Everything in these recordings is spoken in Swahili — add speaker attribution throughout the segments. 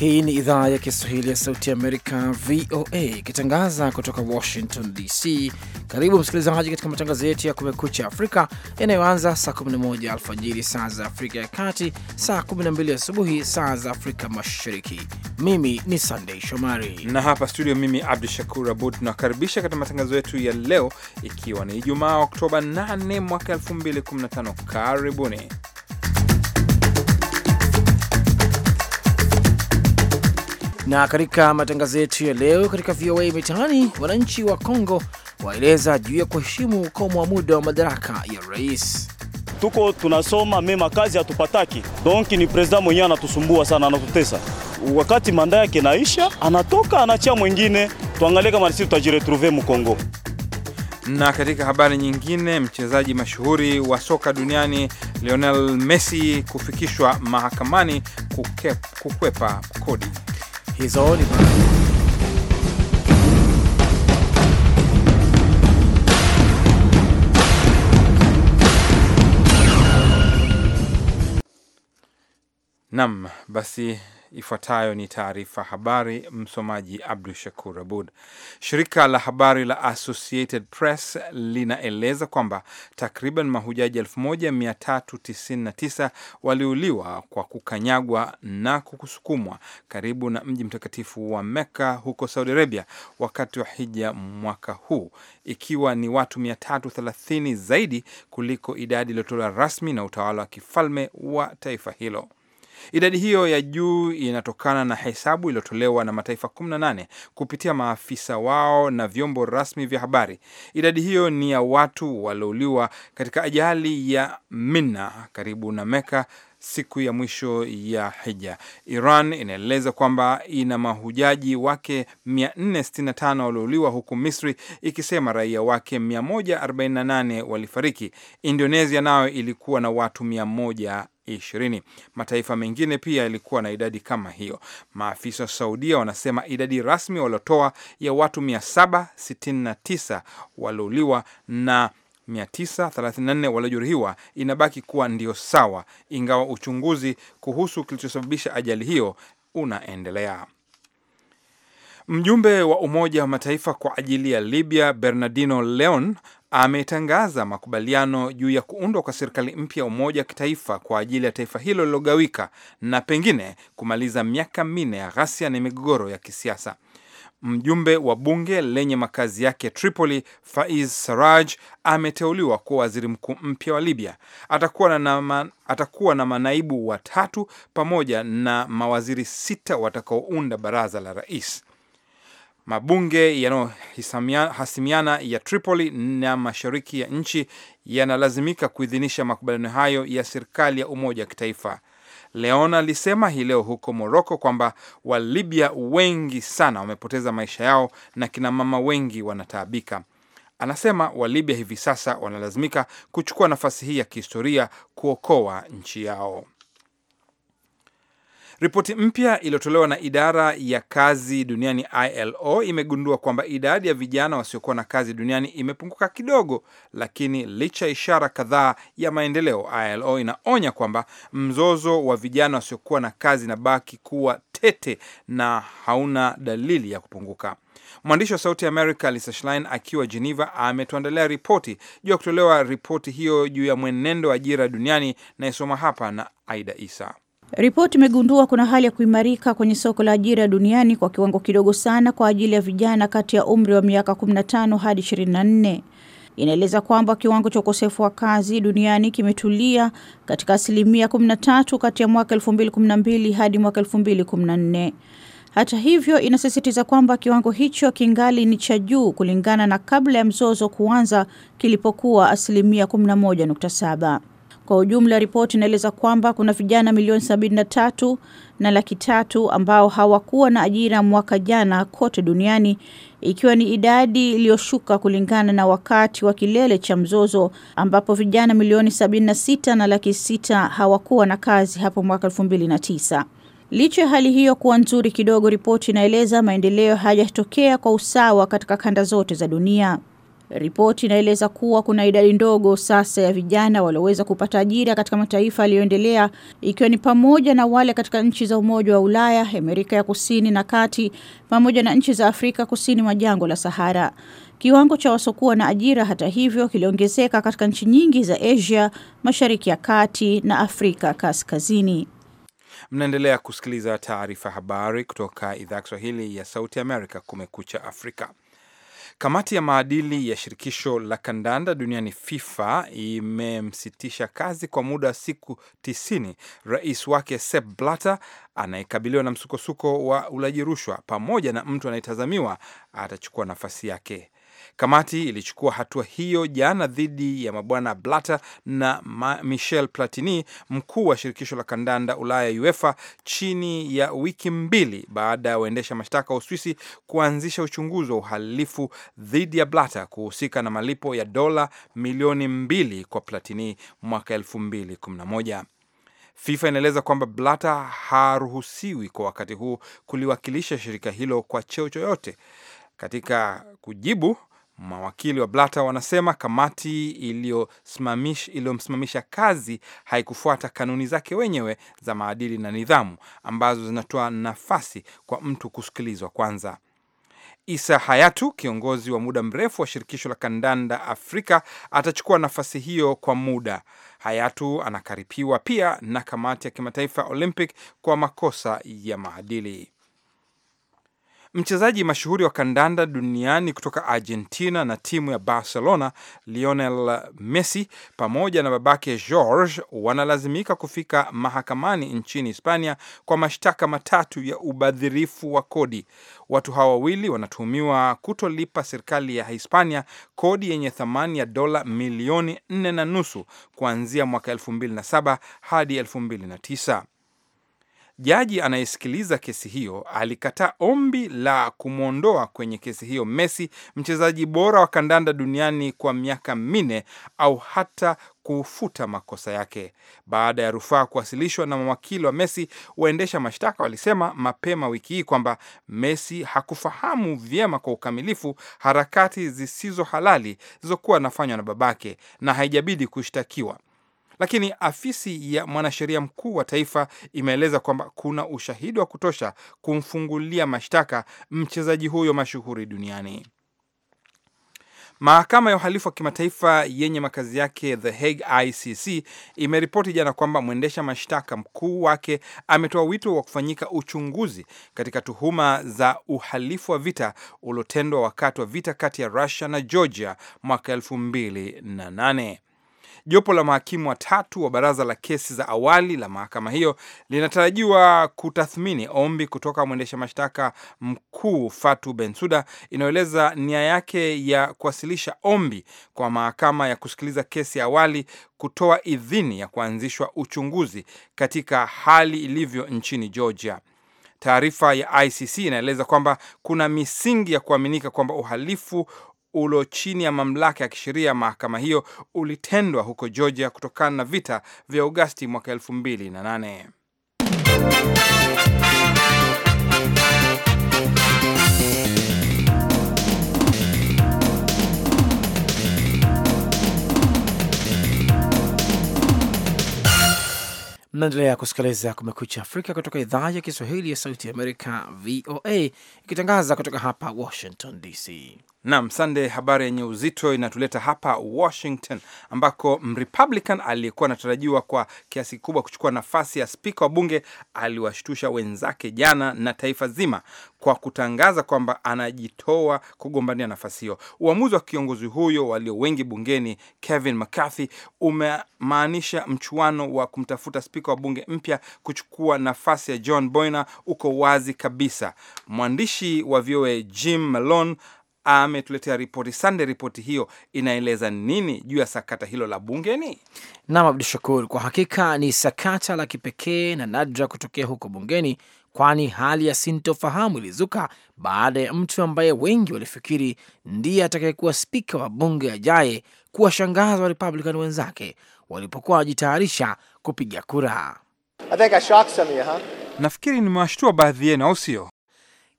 Speaker 1: Hii ni
Speaker 2: idhaa ya Kiswahili ya Sauti ya Amerika, VOA, ikitangaza kutoka Washington DC. Karibu msikilizaji katika matangazo yetu ya Kumekucha Afrika yanayoanza saa 11 alfajiri saa za Afrika ya Kati, saa 12 asubuhi saa za Afrika Mashariki.
Speaker 1: Mimi ni Sandei Shomari na hapa studio, mimi Abdu Shakur Abud, tunakaribisha katika matangazo yetu ya leo, ikiwa ni Ijumaa Oktoba 8 mwaka 2015. Karibuni.
Speaker 2: Na katika matangazo yetu ya leo katika VOA Mitaani, wananchi wa Kongo waeleza juu ya kuheshimu ukomo wa muda wa madaraka ya rais. Tuko tunasoma
Speaker 3: mema, kazi hatupataki, donki ni president mwenyewe anatusumbua sana, anatutesa. Wakati manda yake naisha, anatoka anachia mwingine. Tuangalie kama sisi tutajiretrouver mu Kongo.
Speaker 1: Na katika habari nyingine, mchezaji mashuhuri wa soka duniani Lionel Messi kufikishwa mahakamani kukwepa kodi. He's only brown. Nam, basi Ifuatayo ni taarifa habari, msomaji Abdu Shakur Abud. Shirika la habari la Associated Press linaeleza kwamba takriban mahujaji 1399 waliuliwa kwa kukanyagwa na kukusukumwa karibu na mji mtakatifu wa Mecca huko Saudi Arabia wakati wa hija mwaka huu, ikiwa ni watu 330 zaidi kuliko idadi iliyotolewa rasmi na utawala wa kifalme wa taifa hilo. Idadi hiyo ya juu inatokana na hesabu iliyotolewa na mataifa 18 kupitia maafisa wao na vyombo rasmi vya habari. Idadi hiyo ni ya watu waliouliwa katika ajali ya mina karibu na Meka siku ya mwisho ya hija. Iran inaeleza kwamba ina mahujaji wake 465 waliouliwa, huku Misri ikisema raia wake 148 walifariki. Indonesia nayo ilikuwa na watu ishirini. Mataifa mengine pia yalikuwa na idadi kama hiyo. Maafisa wa Saudia wanasema idadi rasmi waliotoa ya watu 769 waliouliwa na 934 waliojeruhiwa inabaki kuwa ndio sawa, ingawa uchunguzi kuhusu kilichosababisha ajali hiyo unaendelea. Mjumbe wa Umoja wa Mataifa kwa ajili ya Libya Bernardino Leon ametangaza makubaliano juu ya kuundwa kwa serikali mpya ya umoja wa kitaifa kwa ajili ya taifa hilo lilogawika na pengine kumaliza miaka minne ya ghasia na migogoro ya kisiasa. Mjumbe wa bunge lenye makazi yake Tripoli, Faiz Saraj ameteuliwa kuwa waziri mkuu mpya wa Libya. Atakuwa na, atakuwa na manaibu watatu pamoja na mawaziri sita watakaounda baraza la rais. Mabunge yanayohasimiana ya Tripoli na mashariki ya nchi yanalazimika kuidhinisha makubaliano hayo ya serikali ya umoja wa kitaifa. leona alisema hii leo huko Moroko kwamba Walibya wengi sana wamepoteza maisha yao na kinamama wengi wanataabika. Anasema Walibya hivi sasa wanalazimika kuchukua nafasi hii ya kihistoria kuokoa nchi yao. Ripoti mpya iliyotolewa na idara ya kazi duniani ILO imegundua kwamba idadi ya vijana wasiokuwa na kazi duniani imepunguka kidogo, lakini licha ya ishara kadhaa ya maendeleo, ILO inaonya kwamba mzozo wa vijana wasiokuwa na kazi inabaki kuwa tete na hauna dalili ya kupunguka. Mwandishi wa Sauti ya Amerika Lisa Schlein akiwa Geneva ametuandalia ripoti juu ya kutolewa ripoti hiyo juu ya mwenendo wa ajira duniani, nayesoma hapa na Aida Isa.
Speaker 4: Ripoti imegundua kuna hali ya kuimarika kwenye soko la ajira duniani kwa kiwango kidogo sana kwa ajili ya vijana kati ya umri wa miaka 15 hadi 24. Inaeleza kwamba kiwango cha ukosefu wa kazi duniani kimetulia katika asilimia 13 kati ya mwaka 2012 hadi mwaka 2014. Hata hivyo, inasisitiza kwamba kiwango hicho kingali ni cha juu kulingana na kabla ya mzozo kuanza kilipokuwa asilimia 11.7. Kwa ujumla, ripoti inaeleza kwamba kuna vijana milioni sabini na tatu na laki tatu ambao hawakuwa na ajira mwaka jana kote duniani, ikiwa ni idadi iliyoshuka kulingana na wakati wa kilele cha mzozo ambapo vijana milioni sabini na sita na laki sita hawakuwa na kazi hapo mwaka elfu mbili na tisa. Licha ya hali hiyo kuwa nzuri kidogo, ripoti inaeleza maendeleo hayajatokea kwa usawa katika kanda zote za dunia. Ripoti inaeleza kuwa kuna idadi ndogo sasa ya vijana walioweza kupata ajira katika mataifa yaliyoendelea ikiwa ni pamoja na wale katika nchi za Umoja wa Ulaya, Amerika ya Kusini na Kati pamoja na nchi za Afrika Kusini mwa jangwa la Sahara. Kiwango cha wasokuwa na ajira hata hivyo kiliongezeka katika nchi nyingi za Asia, Mashariki ya Kati na Afrika Kaskazini.
Speaker 1: Mnaendelea kusikiliza taarifa habari kutoka idhaa ya Kiswahili ya Sauti Amerika, Kumekucha Afrika. Kamati ya maadili ya shirikisho la kandanda duniani FIFA imemsitisha kazi kwa muda wa siku tisini rais wake Sepp Blatter anayekabiliwa na msukosuko wa ulaji rushwa, pamoja na mtu anayetazamiwa atachukua nafasi yake. Kamati ilichukua hatua hiyo jana dhidi ya mabwana Blatter na Michel Platini, mkuu wa shirikisho la kandanda Ulaya UEFA, chini ya wiki mbili baada ya waendesha mashtaka wa Uswisi kuanzisha uchunguzi wa uhalifu dhidi ya Blatter kuhusika na malipo ya dola milioni mbili kwa Platini mwaka moja. FIFA inaeleza kwamba Blatter haruhusiwi kwa wakati huu kuliwakilisha shirika hilo kwa cheo chochote. Katika kujibu Mawakili wa blata wanasema kamati iliyomsimamisha kazi haikufuata kanuni zake wenyewe za maadili na nidhamu ambazo zinatoa nafasi kwa mtu kusikilizwa kwanza. Isa Hayatu, kiongozi wa muda mrefu wa shirikisho la kandanda Afrika, atachukua nafasi hiyo kwa muda. Hayatu anakaripiwa pia na kamati ya kimataifa Olympic kwa makosa ya maadili. Mchezaji mashuhuri wa kandanda duniani kutoka Argentina na timu ya Barcelona, Lionel Messi pamoja na babake George wanalazimika kufika mahakamani nchini Hispania kwa mashtaka matatu ya ubadhirifu wa kodi. Watu hawa wawili wanatuhumiwa kutolipa serikali ya Hispania kodi yenye thamani ya dola milioni nne na nusu kuanzia mwaka 2007 hadi 29 Jaji anayesikiliza kesi hiyo alikataa ombi la kumwondoa kwenye kesi hiyo Messi, mchezaji bora wa kandanda duniani kwa miaka minne, au hata kufuta makosa yake. Baada ya rufaa kuwasilishwa na mawakili wa Messi, waendesha mashtaka walisema mapema wiki hii kwamba Messi hakufahamu vyema kwa ukamilifu harakati zisizo halali zilizokuwa anafanywa na babake na haijabidi kushtakiwa lakini afisi ya mwanasheria mkuu wa taifa imeeleza kwamba kuna ushahidi wa kutosha kumfungulia mashtaka mchezaji huyo mashuhuri duniani. Mahakama ya uhalifu wa kimataifa yenye makazi yake The Hague, ICC, imeripoti jana kwamba mwendesha mashtaka mkuu wake ametoa wito wa kufanyika uchunguzi katika tuhuma za uhalifu wa vita uliotendwa wakati wa vita kati ya Russia na Georgia mwaka elfu mbili na nane. Jopo la mahakimu watatu wa baraza la kesi za awali la mahakama hiyo linatarajiwa kutathmini ombi kutoka mwendesha mashtaka mkuu Fatu Bensuda inayoeleza nia yake ya kuwasilisha ombi kwa mahakama ya kusikiliza kesi ya awali kutoa idhini ya kuanzishwa uchunguzi katika hali ilivyo nchini Georgia. Taarifa ya ICC inaeleza kwamba kuna misingi ya kuaminika kwamba uhalifu ulo chini ya mamlaka ya kisheria ya mahakama hiyo ulitendwa huko Georgia kutokana na vita vya Agosti mwaka 2008.
Speaker 2: Mnaendelea kusikiliza Kumekucha Afrika kutoka idhaa ya Kiswahili ya Sauti ya Amerika, VOA, ikitangaza kutoka hapa Washington DC.
Speaker 1: Nam Sande, habari yenye uzito inatuleta hapa Washington, ambako Mrepublican aliyekuwa anatarajiwa kwa kiasi kikubwa kuchukua nafasi ya spika wa bunge aliwashtusha wenzake jana na taifa zima kwa kutangaza kwamba anajitoa kugombania nafasi hiyo. Uamuzi wa kiongozi huyo walio wengi bungeni Kevin McCarthy umemaanisha mchuano wa kumtafuta spika wa bunge mpya kuchukua nafasi ya John Boehner uko wazi kabisa. Mwandishi wa VOA Jim Malone ametuletea ripoti Sande. Ripoti hiyo inaeleza nini juu ya sakata hilo la bungeni?
Speaker 2: Nam Abdu Shakur, kwa hakika ni sakata la kipekee na nadra kutokea huko bungeni, kwani hali ya sintofahamu ilizuka baada ya mtu ambaye wengi walifikiri ndiye atakayekuwa spika wa bunge ajaye kuwashangaza wa Republican wenzake walipokuwa wajitayarisha kupiga kura. Nafikiri nimewashtua baadhi yenu, au sio?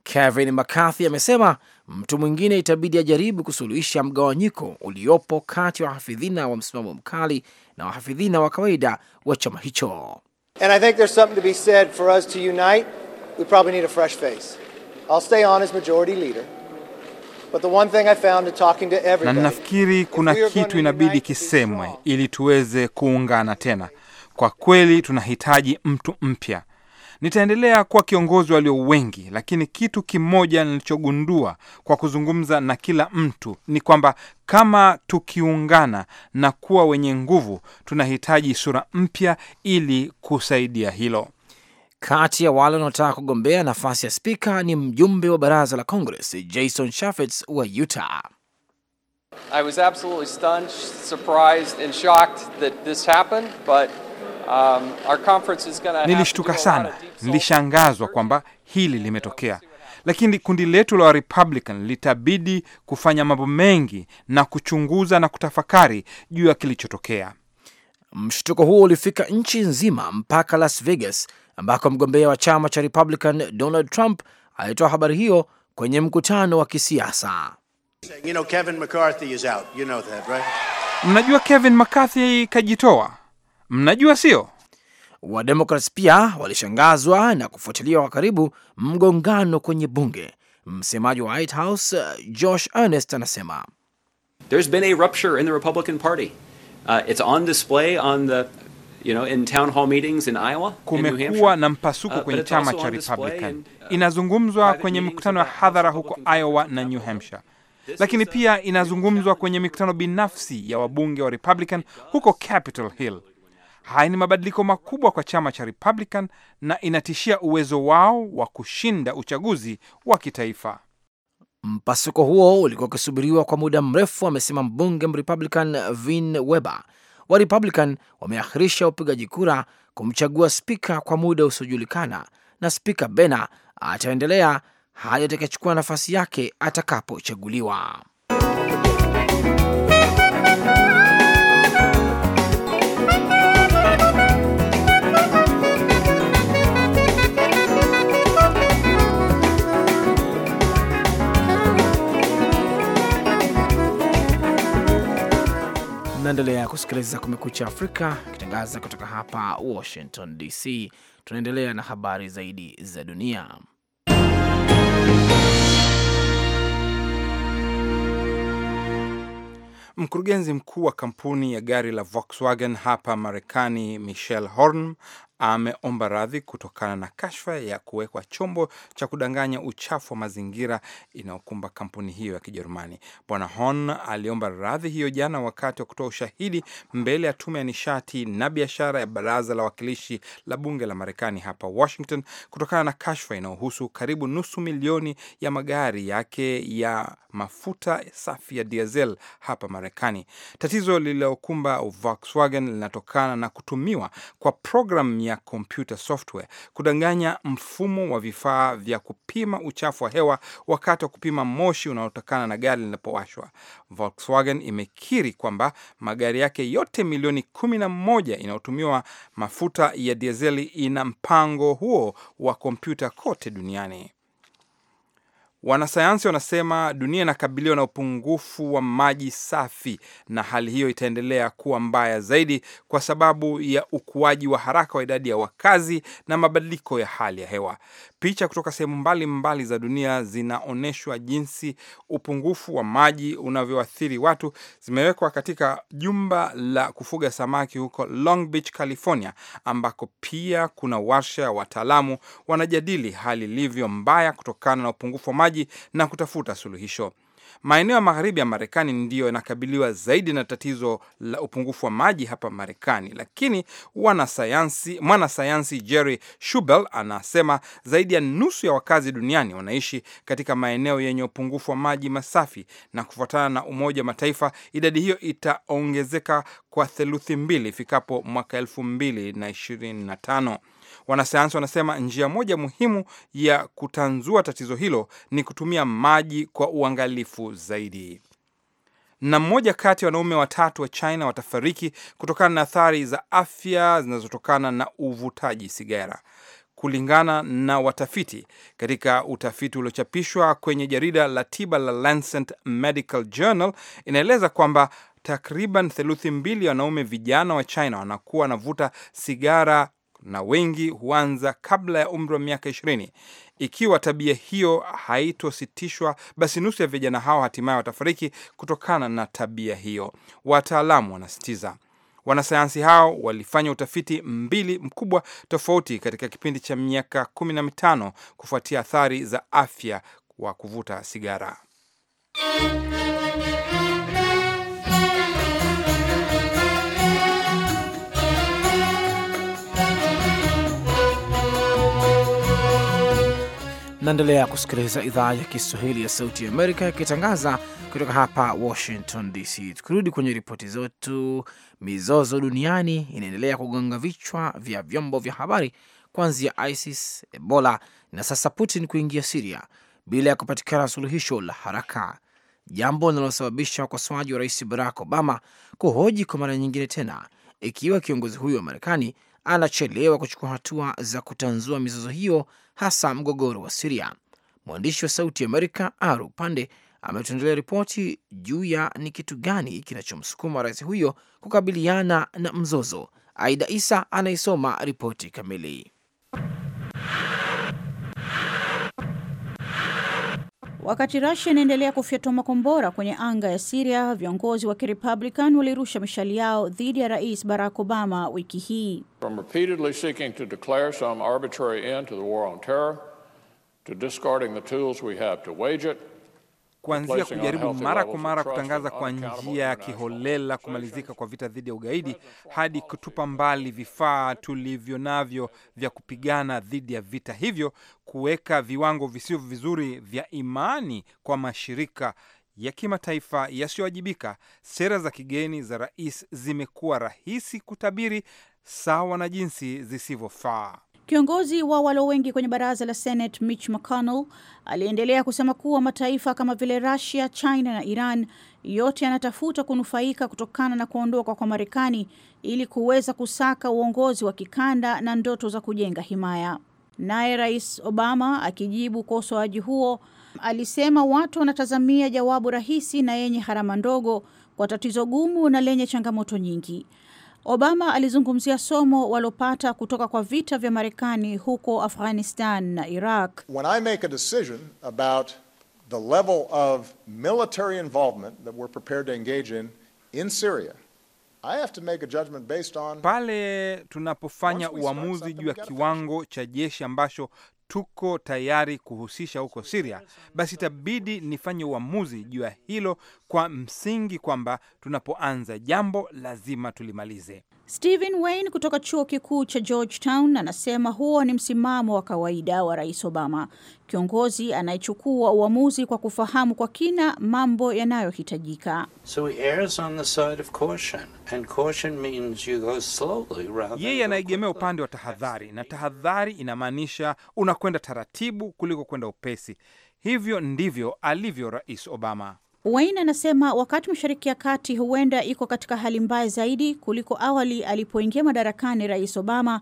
Speaker 2: Kevin McCarthy amesema mtu mwingine itabidi ajaribu kusuluhisha mgawanyiko uliopo kati ya wahafidhina wa msimamo mkali na wahafidhina wa kawaida wa chama hicho.
Speaker 1: Na ninafikiri kuna kitu inabidi kisemwe ili tuweze kuungana tena. Kwa kweli tunahitaji mtu mpya Nitaendelea kuwa kiongozi walio wengi, lakini kitu kimoja nilichogundua kwa kuzungumza na kila mtu ni kwamba kama tukiungana na kuwa wenye nguvu, tunahitaji sura mpya ili kusaidia hilo. Kati ya wale wanaotaka kugombea nafasi ya spika
Speaker 2: ni mjumbe wa baraza la Congress Jason Chaffetz wa Utah.
Speaker 4: I was absolutely stunned, surprised and shocked that this happened, but Um, Nilishtuka sana,
Speaker 1: nilishangazwa kwamba hili limetokea, lakini kundi letu la Republican litabidi kufanya mambo mengi na kuchunguza na kutafakari juu ya kilichotokea. Mshtuko huo ulifika nchi
Speaker 2: nzima mpaka Las Vegas ambako mgombea wa chama cha Republican Donald Trump alitoa habari hiyo kwenye mkutano wa kisiasa.
Speaker 4: You know, Kevin McCarthy is out. You know that, right?
Speaker 2: Mnajua Kevin McCarthy kajitoa mnajua sio? Wademokrat pia walishangazwa na kufuatiliwa kwa karibu mgongano kwenye bunge. Msemaji wa White House uh, Josh Earnest anasema There's
Speaker 3: been a rupture in the Republican Party. Uh, it's on display on the You know, in town hall meetings in Iowa, kumekuwa na mpasuko uh, kwenye uh, chama cha Republican.
Speaker 1: Uh, inazungumzwa kwenye mikutano ya hadhara huko Iowa na New Hampshire, lakini pia inazungumzwa kwenye mikutano binafsi ya wabunge wa Republican huko Capitol Hill. Haya ni mabadiliko makubwa kwa chama cha Republican na inatishia uwezo wao wa kushinda uchaguzi wa kitaifa.
Speaker 2: Mpasuko huo ulikuwa ukisubiriwa kwa muda mrefu, amesema mbunge Mrepublican Vin Weber. Wa Republican wameahirisha upigaji kura kumchagua spika kwa muda usiojulikana, na spika Bena ataendelea hadi atakachukua nafasi yake atakapochaguliwa. Unaendelea kusikiliza Kumekucha Afrika ikitangaza kutoka hapa Washington DC. Tunaendelea na habari zaidi za dunia.
Speaker 1: Mkurugenzi mkuu wa kampuni ya gari la Volkswagen hapa Marekani, Michel Horn, ameomba radhi kutokana na kashfa ya kuwekwa chombo cha kudanganya uchafu wa mazingira inayokumba kampuni hiyo ya Kijerumani. Bwana Hon aliomba radhi hiyo jana wakati wa kutoa ushahidi mbele ya tume ya nishati na biashara ya baraza la wakilishi la bunge la Marekani hapa Washington kutokana na kashfa inayohusu karibu nusu milioni ya magari yake ya mafuta safi ya diesel hapa Marekani. Tatizo lililokumba Volkswagen linatokana na kutumiwa kwa programu kutumia computer software, kudanganya mfumo wa vifaa vya kupima uchafu wa hewa wakati wa kupima moshi unaotokana na gari linapowashwa. Volkswagen imekiri kwamba magari yake yote milioni kumi na moja inayotumiwa mafuta ya dizeli ina mpango huo wa kompyuta kote duniani. Wanasayansi wanasema dunia inakabiliwa na upungufu wa maji safi na hali hiyo itaendelea kuwa mbaya zaidi kwa sababu ya ukuaji wa haraka wa idadi ya wakazi na mabadiliko ya hali ya hewa. Picha kutoka sehemu mbalimbali za dunia zinaonyeshwa jinsi upungufu wa maji unavyoathiri watu, zimewekwa katika jumba la kufuga samaki huko Long Beach, California, ambako pia kuna warsha ya wataalamu wanajadili hali ilivyo mbaya kutokana na upungufu wa maji na kutafuta suluhisho. Maeneo ya magharibi ya Marekani ndiyo yanakabiliwa zaidi na tatizo la upungufu wa maji hapa Marekani, lakini wanasayansi, mwanasayansi Jerry Shubel anasema zaidi ya nusu ya wakazi duniani wanaishi katika maeneo yenye upungufu wa maji masafi, na kufuatana na Umoja wa Mataifa idadi hiyo itaongezeka kwa theluthi mbili ifikapo mwaka elfu mbili na ishirini na tano. Wanasayansi wanasema njia moja muhimu ya kutanzua tatizo hilo ni kutumia maji kwa uangalifu zaidi. Na mmoja kati ya wanaume watatu wa China watafariki kutokana na athari za afya zinazotokana na uvutaji sigara kulingana na watafiti katika utafiti uliochapishwa kwenye jarida la tiba la Lancet Medical Journal, inaeleza kwamba takriban theluthi mbili ya wanaume vijana wa China wanakuwa wanavuta sigara na wengi huanza kabla ya umri wa miaka ishirini. Ikiwa tabia hiyo haitositishwa, basi nusu ya vijana hao hatimaye watafariki kutokana na tabia hiyo, wataalamu wanasitiza. Wanasayansi hao walifanya utafiti mbili mkubwa tofauti katika kipindi cha miaka kumi na mitano kufuatia athari za afya wa kuvuta sigara.
Speaker 2: Naendelea kusikiliza idhaa ya Kiswahili ya Sauti ya Amerika ikitangaza kutoka hapa Washington DC. Tukirudi kwenye ripoti zetu, mizozo duniani inaendelea kugonga vichwa vya vyombo vya habari kuanzia ISIS, Ebola na sasa Putin kuingia Siria bila ya kupatikana suluhisho la haraka, jambo linalosababisha ukosoaji wa Rais Barack Obama kuhoji kwa mara nyingine tena ikiwa kiongozi huyo wa Marekani anachelewa kuchukua hatua za kutanzua mizozo hiyo hasa mgogoro wa Siria. Mwandishi wa Sauti Amerika Aru Pande ametuendelea ripoti juu ya ni kitu gani kinachomsukuma rais huyo kukabiliana na mzozo. Aida Isa anaisoma ripoti kamili.
Speaker 4: Wakati Russia inaendelea kufyatua makombora kwenye anga ya syria viongozi wa Kirepublican walirusha mishali yao dhidi ya Rais Barack Obama wiki hii.
Speaker 3: From repeatedly seeking to declare some arbitrary end to the war on terror to discarding the tools we have to wage it kuanzia kujaribu mara kwa mara kutangaza kwa
Speaker 1: njia ya kiholela kumalizika kwa vita dhidi ya ugaidi hadi kutupa mbali vifaa tulivyo navyo vya kupigana dhidi ya vita hivyo, kuweka viwango visivyo vizuri vya imani kwa mashirika ya kimataifa yasiyowajibika. Sera za kigeni za rais zimekuwa rahisi kutabiri, sawa na jinsi zisivyofaa.
Speaker 4: Kiongozi wa walo wengi kwenye baraza la Senate Mitch McConnell aliendelea kusema kuwa mataifa kama vile Russia, China na Iran yote yanatafuta kunufaika kutokana na kuondoka kwa Marekani ili kuweza kusaka uongozi wa kikanda na ndoto za kujenga himaya. Naye Rais Obama akijibu ukosoaji huo alisema watu wanatazamia jawabu rahisi na yenye harama ndogo kwa tatizo gumu na lenye changamoto nyingi. Obama alizungumzia somo walopata kutoka kwa vita vya Marekani huko Afghanistan na Iraq.
Speaker 3: When I make a decision about the level of military involvement that we're prepared to engage in
Speaker 1: in Syria
Speaker 2: I have to make a judgment based on...
Speaker 1: pale tunapofanya uamuzi juu ya kiwango cha jeshi ambacho tuko tayari kuhusisha huko Siria, basi itabidi nifanye uamuzi juu ya hilo kwa msingi kwamba tunapoanza jambo lazima tulimalize.
Speaker 4: Stephen Wayne kutoka chuo kikuu cha Georgetown anasema huo ni msimamo wa kawaida wa Rais Obama, kiongozi anayechukua uamuzi kwa kufahamu kwa kina mambo yanayohitajika. So yeye anaegemea
Speaker 1: upande wa tahadhari, na tahadhari inamaanisha unakwenda taratibu kuliko kwenda upesi. Hivyo ndivyo alivyo Rais Obama.
Speaker 4: Wayne anasema wakati Mashariki ya Kati huenda iko katika hali mbaya zaidi kuliko awali alipoingia madarakani Rais Obama.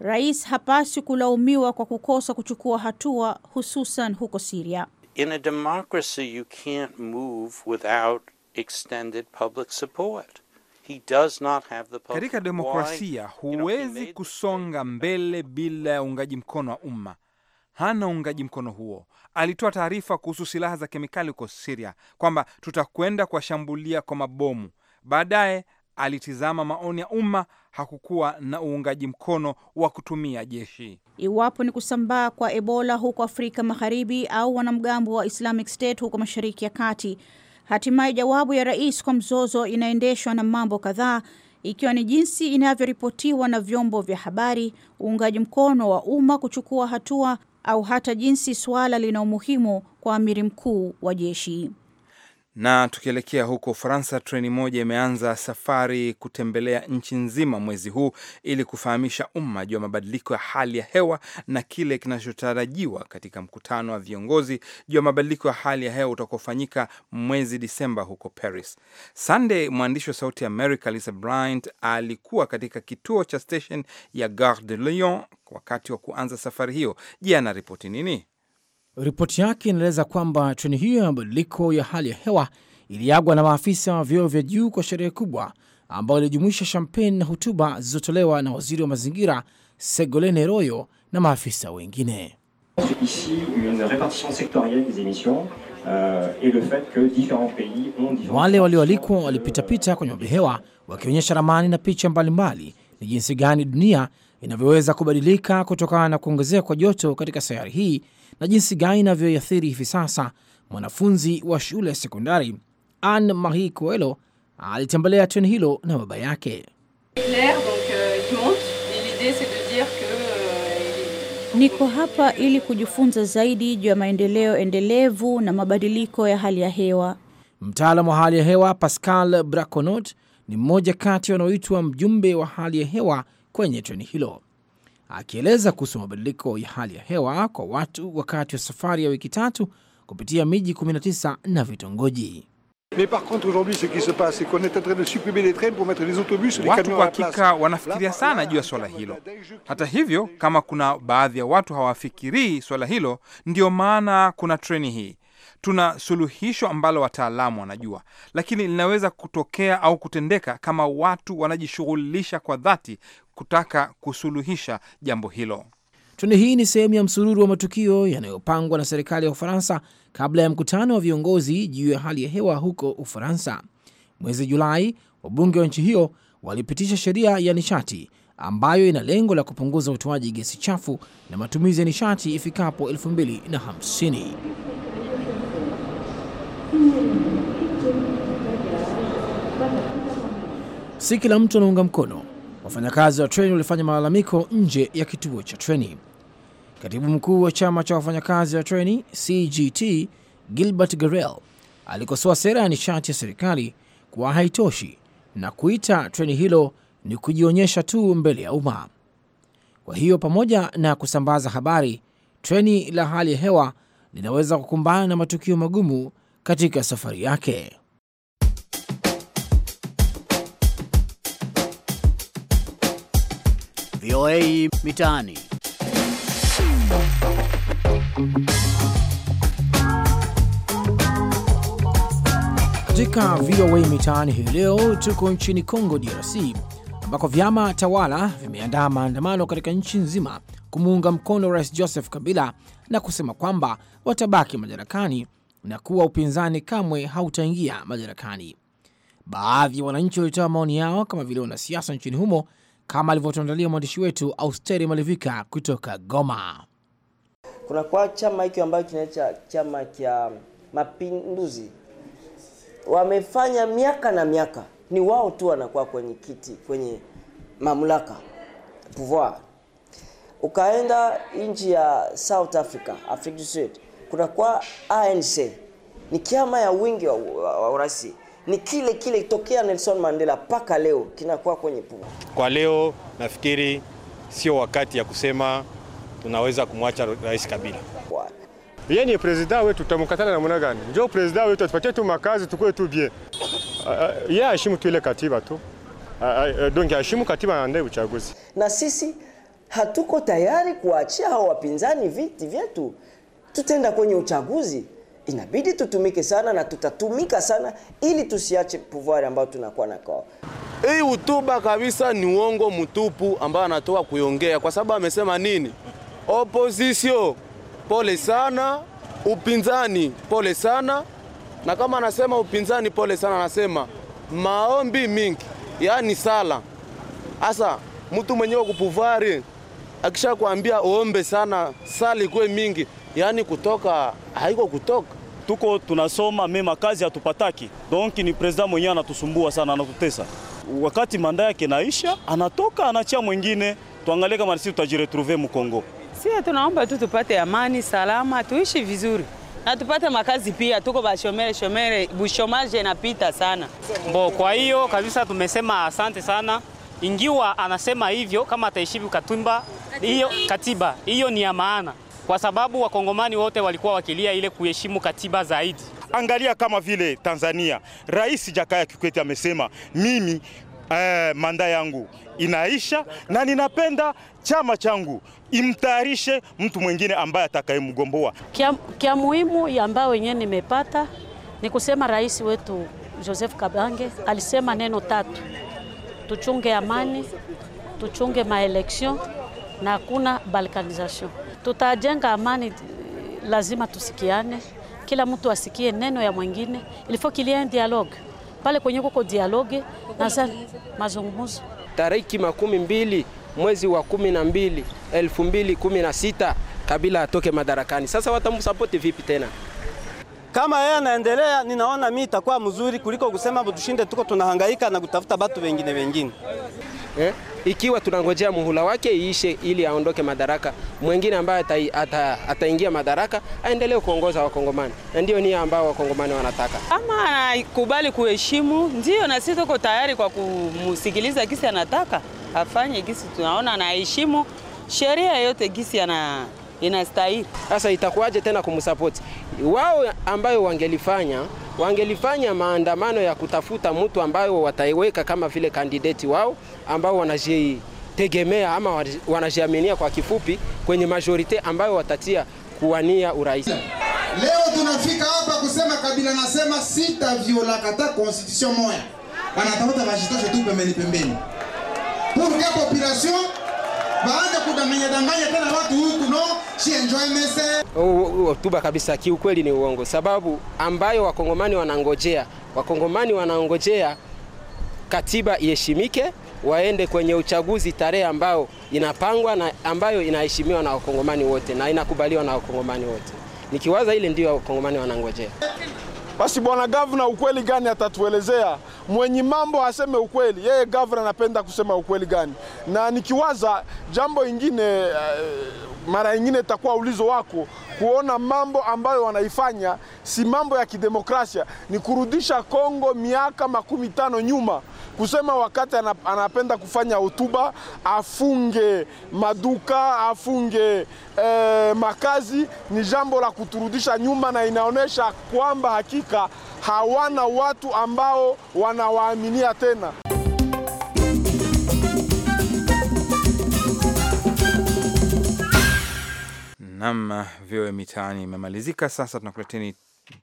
Speaker 4: Rais hapaswi kulaumiwa kwa kukosa kuchukua hatua, hususan huko Siria.
Speaker 1: In a democracy you can't move without extended public support. Katika demokrasia
Speaker 4: huwezi
Speaker 1: kusonga mbele bila ya uungaji mkono wa umma hana uungaji mkono huo. Alitoa taarifa kuhusu silaha za kemikali huko Siria kwamba tutakwenda kuwashambulia kwa mabomu. Baadaye alitizama maoni ya umma, hakukuwa na uungaji mkono wa kutumia jeshi.
Speaker 4: Iwapo ni kusambaa kwa Ebola huko Afrika Magharibi au wanamgambo wa Islamic State huko Mashariki ya Kati, hatimaye jawabu ya rais kwa mzozo inaendeshwa na mambo kadhaa ikiwa ni jinsi inavyoripotiwa na vyombo vya habari, uungaji mkono wa umma kuchukua hatua au hata jinsi suala lina umuhimu kwa amiri mkuu wa jeshi.
Speaker 1: Na tukielekea huko Ufaransa, treni moja imeanza safari kutembelea nchi nzima mwezi huu ili kufahamisha umma juu ya mabadiliko ya hali ya hewa na kile kinachotarajiwa katika mkutano wa viongozi juu ya mabadiliko ya hali ya hewa utakaofanyika mwezi Disemba huko Paris. Sunday, mwandishi wa Sauti ya America Lisa Bryant alikuwa katika kituo cha station ya Gare de Lyon wakati wa kuanza safari hiyo. Je, anaripoti nini?
Speaker 2: Ripoti yake inaeleza kwamba treni hiyo ya mabadiliko ya hali ya hewa iliagwa na maafisa wa vyeo vya juu kwa sherehe kubwa ambayo ilijumuisha champagne na hotuba zilizotolewa na waziri wa mazingira Segolene Royo na maafisa wengine. Euh, Wale walioalikwa walipitapita kwenye mabehewa wakionyesha ramani na picha mbalimbali ni jinsi gani dunia inavyoweza kubadilika kutokana na kuongezeka kwa joto katika sayari hii na jinsi gani inavyoathiri hivi sasa. Mwanafunzi wa shule ya sekondari Anne Marie Coelho alitembelea tweni hilo na baba yake.
Speaker 4: Niko hapa ili kujifunza zaidi juu ya maendeleo endelevu na mabadiliko ya hali ya hewa.
Speaker 2: Mtaalamu wa hali ya hewa Pascal Braconot ni mmoja kati wanaoitwa mjumbe wa hali ya hewa kwenye tweni hilo akieleza kuhusu mabadiliko ya hali ya hewa kwa watu wakati wa safari ya wiki tatu kupitia miji 19 na vitongoji.
Speaker 1: Watu kwa hakika wanafikiria sana juu ya swala hilo. Hata hivyo, kama kuna baadhi ya watu hawafikirii swala hilo, ndiyo maana kuna treni hii. Tuna suluhisho ambalo wataalamu wanajua, lakini linaweza kutokea au kutendeka kama watu wanajishughulisha kwa dhati kutaka kusuluhisha jambo hilo.
Speaker 2: Tuni hii ni sehemu ya msururu wa matukio yanayopangwa na serikali ya Ufaransa kabla ya mkutano wa viongozi juu ya hali ya hewa huko Ufaransa. Mwezi Julai, wabunge wa nchi hiyo walipitisha sheria ya nishati ambayo ina lengo la kupunguza utoaji gesi chafu na matumizi ya nishati ifikapo 2050. Si kila mtu anaunga mkono Wafanyakazi wa treni walifanya malalamiko nje ya kituo cha treni. Katibu mkuu wa chama cha wafanyakazi wa treni CGT Gilbert Garel alikosoa sera ya nishati ya serikali kuwa haitoshi na kuita treni hilo ni kujionyesha tu mbele ya umma. Kwa hiyo pamoja na kusambaza habari, treni la hali ya hewa linaweza kukumbana na matukio magumu katika safari yake.
Speaker 4: VOA Mitaani.
Speaker 2: Katika VOA Mitaani hii leo tuko nchini Kongo DRC ambako vyama tawala vimeandaa maandamano katika nchi nzima kumuunga mkono Rais Joseph Kabila na kusema kwamba watabaki madarakani na kuwa upinzani kamwe hautaingia madarakani. Baadhi ya wananchi walitoa maoni yao kama vile wanasiasa nchini humo kama alivyotuandalia mwandishi wetu Austeri Malivika kutoka Goma.
Speaker 3: Kuna kwa chama hiki ambacho kinaitwa chama cha Mapinduzi, wamefanya miaka na miaka, ni wao tu wanakuwa kwenye kiti, kwenye mamlaka pouvoir. Ukaenda nchi ya South Africa, Afrika Kusini, kuna kwa ANC, ni chama ya wingi wa urasi wa, wa ni kile kile tokea Nelson Mandela mpaka leo kinakuwa kwenye pua.
Speaker 1: Kwa leo nafikiri sio
Speaker 3: wakati ya kusema tunaweza kumwacha Rais Kabila. Yeye ni president wetu, tutamkatana namna gani? Njoo president wetu atupatie tu makazi tukue tu bien. Yeye aheshimu tu ile katiba tu, e, donc aheshimu katiba aandae uchaguzi. Na sisi hatuko tayari kuachia hao wapinzani viti vyetu, tutaenda kwenye uchaguzi inabidi tutumike sana na tutatumika sana ili tusiache pouvoir ambayo tunakuwa na kwao. Hii hutuba kabisa ni uongo mtupu ambao anatoka kuiongea, kwa sababu amesema nini? Opposition pole sana, upinzani pole sana, na kama anasema upinzani pole sana, anasema maombi mingi, yaani sala. Asa mtu mwenyewe kupuvari akishakwambia uombe sana, sali kwe mingi, yaani kutoka haiko kutoka tuko tunasoma mema kazi hatupataki, donc ni president mwenyewe anatusumbua sana, anatutesa. Wakati manda yake naisha, anatoka anachia mwingine. Tuangalie kama sisi tutajiretrouver mu Kongo. Sisi tunaomba tu tupate amani, salama, tuishi vizuri na tupate makazi pia, tuko bashomere shomere, bushomaje inapita sana mbo. Kwa hiyo kabisa tumesema asante sana. Ingiwa anasema hivyo kama ataishi katumba hiyo, katiba hiyo ni ya maana kwa sababu wakongomani wote walikuwa wakilia ile kuheshimu katiba zaidi. Angalia kama vile Tanzania, Rais Jakaya Kikwete amesema mimi Eh, manda yangu inaisha na ninapenda chama changu imtayarishe mtu mwingine ambaye atakayemgomboa.
Speaker 4: Kia, kia muhimu ambayo wenyewe nimepata ni kusema rais wetu Joseph Kabange alisema neno tatu: tuchunge amani, tuchunge maelection na hakuna balkanization tutajenga amani, lazima tusikiane, kila mtu asikie neno ya mwingine, ilifo kilia dialogue pale kwenye kuko dialogue na mazungumzo.
Speaker 3: Tariki makumi mbili mwezi wa kumi na mbili elfu mbili kumi na sita Kabila atoke madarakani. Sasa watamsapoti vipi tena? Kama yeye anaendelea, ninaona mimi itakuwa mzuri kuliko kusema tushinde tuko tunahangaika na kutafuta batu wengine wengine eh? Ikiwa tunangojea muhula wake iishe ili aondoke madaraka, mwingine ambaye ataingia madaraka aendelee kuongoza Wakongomani, na ndio nia ambao Wakongomani wanataka. Kama anakubali kuheshimu, ndio na sisi tuko tayari kwa kumsikiliza gisi anataka afanye, gisi tunaona anaheshimu sheria yote gisi ana inastahili. Sasa itakuwaje tena kumsapoti wao ambayo wangelifanya wangelifanya maandamano ya kutafuta mtu ambayo wataiweka kama vile kandideti wao ambao wanajitegemea ama wanajiaminia kwa kifupi, kwenye majorite ambayo watatia kuwania urais.
Speaker 1: Leo tunafika hapa kusema Kabila nasema sitaviola kata constitution moya, wanatafuta vashitosho tu pembeni pembeni pour que population
Speaker 3: baada kudanganya danganya tena watu huku no she enjoy message. Hotuba kabisa kiukweli ni uongo, sababu ambayo wakongomani wanangojea, wakongomani wanangojea katiba iheshimike, waende kwenye uchaguzi tarehe ambao inapangwa na ambayo inaheshimiwa na wakongomani wote na inakubaliwa na wakongomani wote. Nikiwaza ile ndio wakongomani wanangojea. Basi bwana gavana, ukweli gani atatuelezea? Mwenye mambo aseme ukweli, yeye gavana anapenda kusema ukweli gani? Na nikiwaza jambo ingine uh, mara nyingine itakuwa ulizo wako kuona mambo ambayo wanaifanya si mambo ya kidemokrasia, ni kurudisha Kongo miaka makumi tano nyuma kusema wakati anapenda kufanya hotuba afunge maduka afunge eh, makazi ni jambo la kuturudisha nyuma, na inaonyesha kwamba hakika hawana watu ambao wanawaaminia tena.
Speaker 1: nam eh, vyowe mitaani imemalizika sasa, tunakuleteni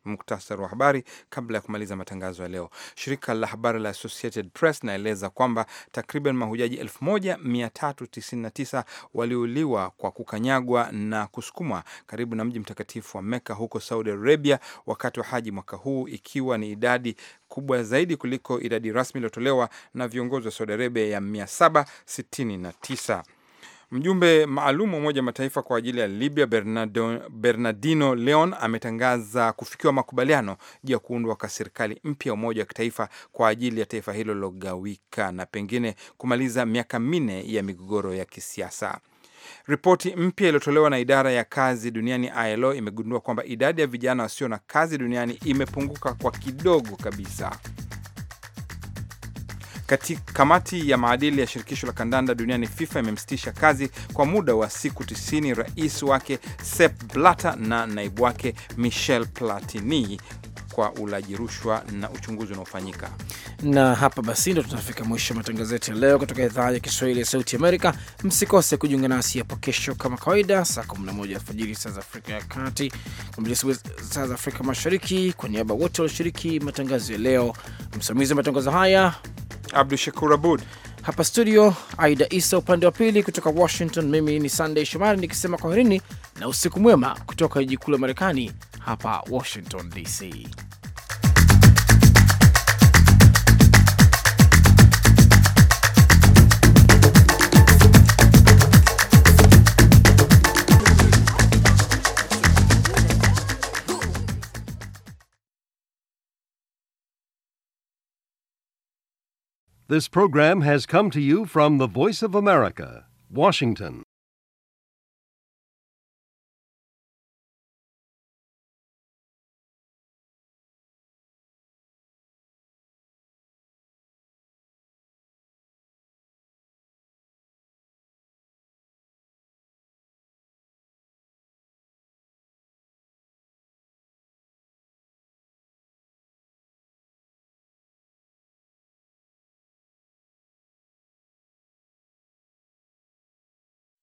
Speaker 1: muktasari wa habari kabla ya kumaliza matangazo ya leo. Shirika la habari la Associated Press naeleza kwamba takriban mahujaji 1399 waliuliwa kwa kukanyagwa na kusukumwa karibu na mji mtakatifu wa mecca huko Saudi Arabia wakati wa haji mwaka huu, ikiwa ni idadi kubwa zaidi kuliko idadi rasmi iliyotolewa na viongozi wa Saudi Arabia ya 769. Mjumbe maalum wa Umoja wa Mataifa kwa ajili ya Libya Bernardo, Bernardino Leon ametangaza kufikiwa makubaliano juu ya kuundwa kwa serikali mpya ya umoja wa kitaifa kwa ajili ya taifa hilo lilogawika na pengine kumaliza miaka minne ya migogoro ya kisiasa. Ripoti mpya iliyotolewa na idara ya kazi duniani ILO imegundua kwamba idadi ya vijana wasio na kazi duniani imepunguka kwa kidogo kabisa kamati ya maadili ya shirikisho la kandanda duniani FIFA imemsitisha kazi kwa muda wa siku 90 rais wake Sepp Blatter na naibu wake Michel Platini kwa ulaji rushwa na uchunguzi unaofanyika.
Speaker 2: Na hapa basi ndo tunafika mwisho matangazo yetu ya leo kutoka idhaa ya Kiswahili ya Sauti Amerika. Msikose kujiunga nasi hapo kesho kama kawaida, saa 11 alfajiri saa za Afrika ya Kati, saa za Afrika Mashariki. Kwa niaba wote walioshiriki matangazo ya leo, msimamizi wa matangazo haya Abdu Shakur Abud hapa studio, Aida Isa upande wa pili kutoka Washington. Mimi ni Sandey Shomari nikisema kwaherini na usiku mwema kutoka jiji kuu la Marekani, hapa Washington DC.
Speaker 4: This program has come to you from the Voice of America, Washington.